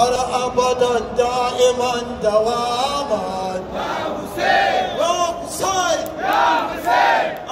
ارى أبدا دائما دواما يا حسين يا حسين يا حسين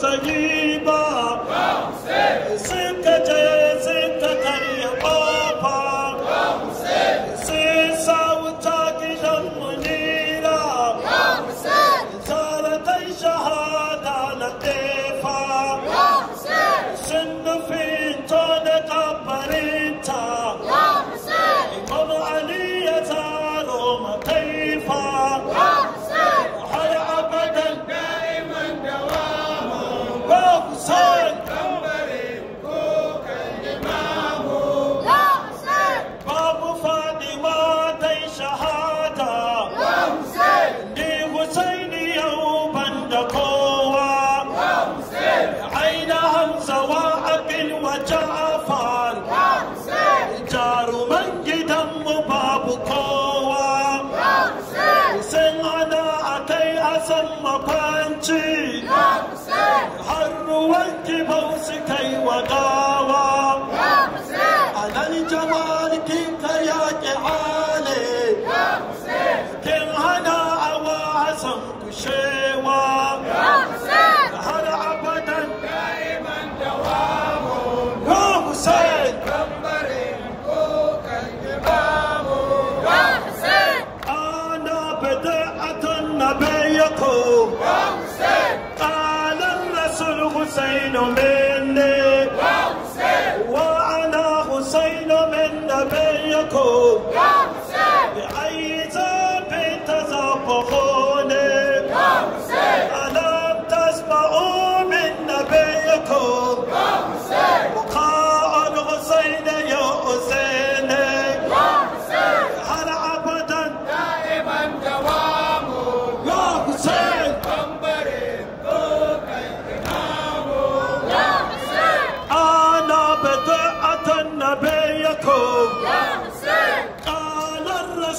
صليبا ستة ستة يا بابا سيسا وتاكج المنيرة زارت الشهادة لطيفة سن في طولة بريتا إمام علي زار مطيفة سكي وقاوى يا حسين على يا عالي يا هنا عواصم كشيوى يا هل ابدا دائما دوام يا حسين كبر انكوك الامام يا حسين انا بدات النبيكم يا حسين قال الرسول حسين مني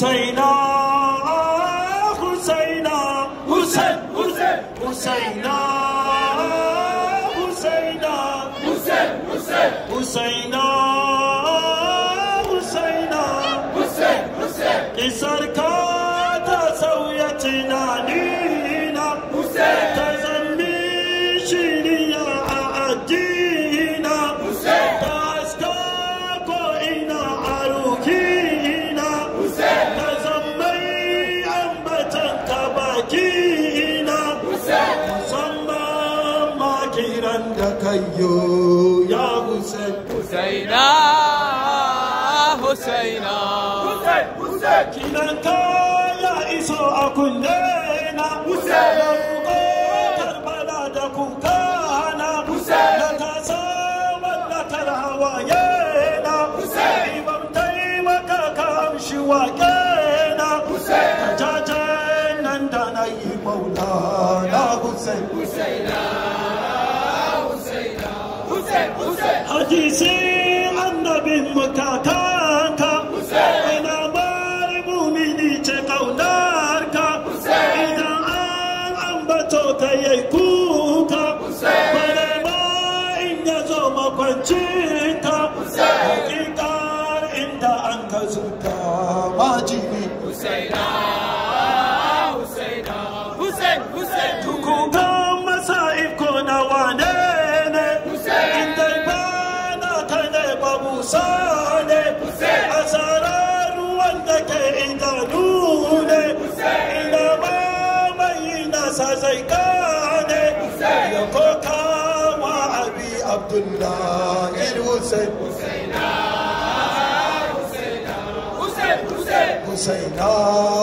Husayna Husayna Hussein Hussein Husayna Husayna Hussein Hussein Husayna Husayna Hussein Hussein Ki sarka ta sauya tunani yankunsen musaina musaina. jinankawa yin so a kunde na musaini ko karimala dako ka hana. musaini ta ta saba ta tarawaye hadisin annabin mu kakanka ina bari mumini ce ka idan an ambato ka yai kuka bare ma in ya zo makwancinka Say no.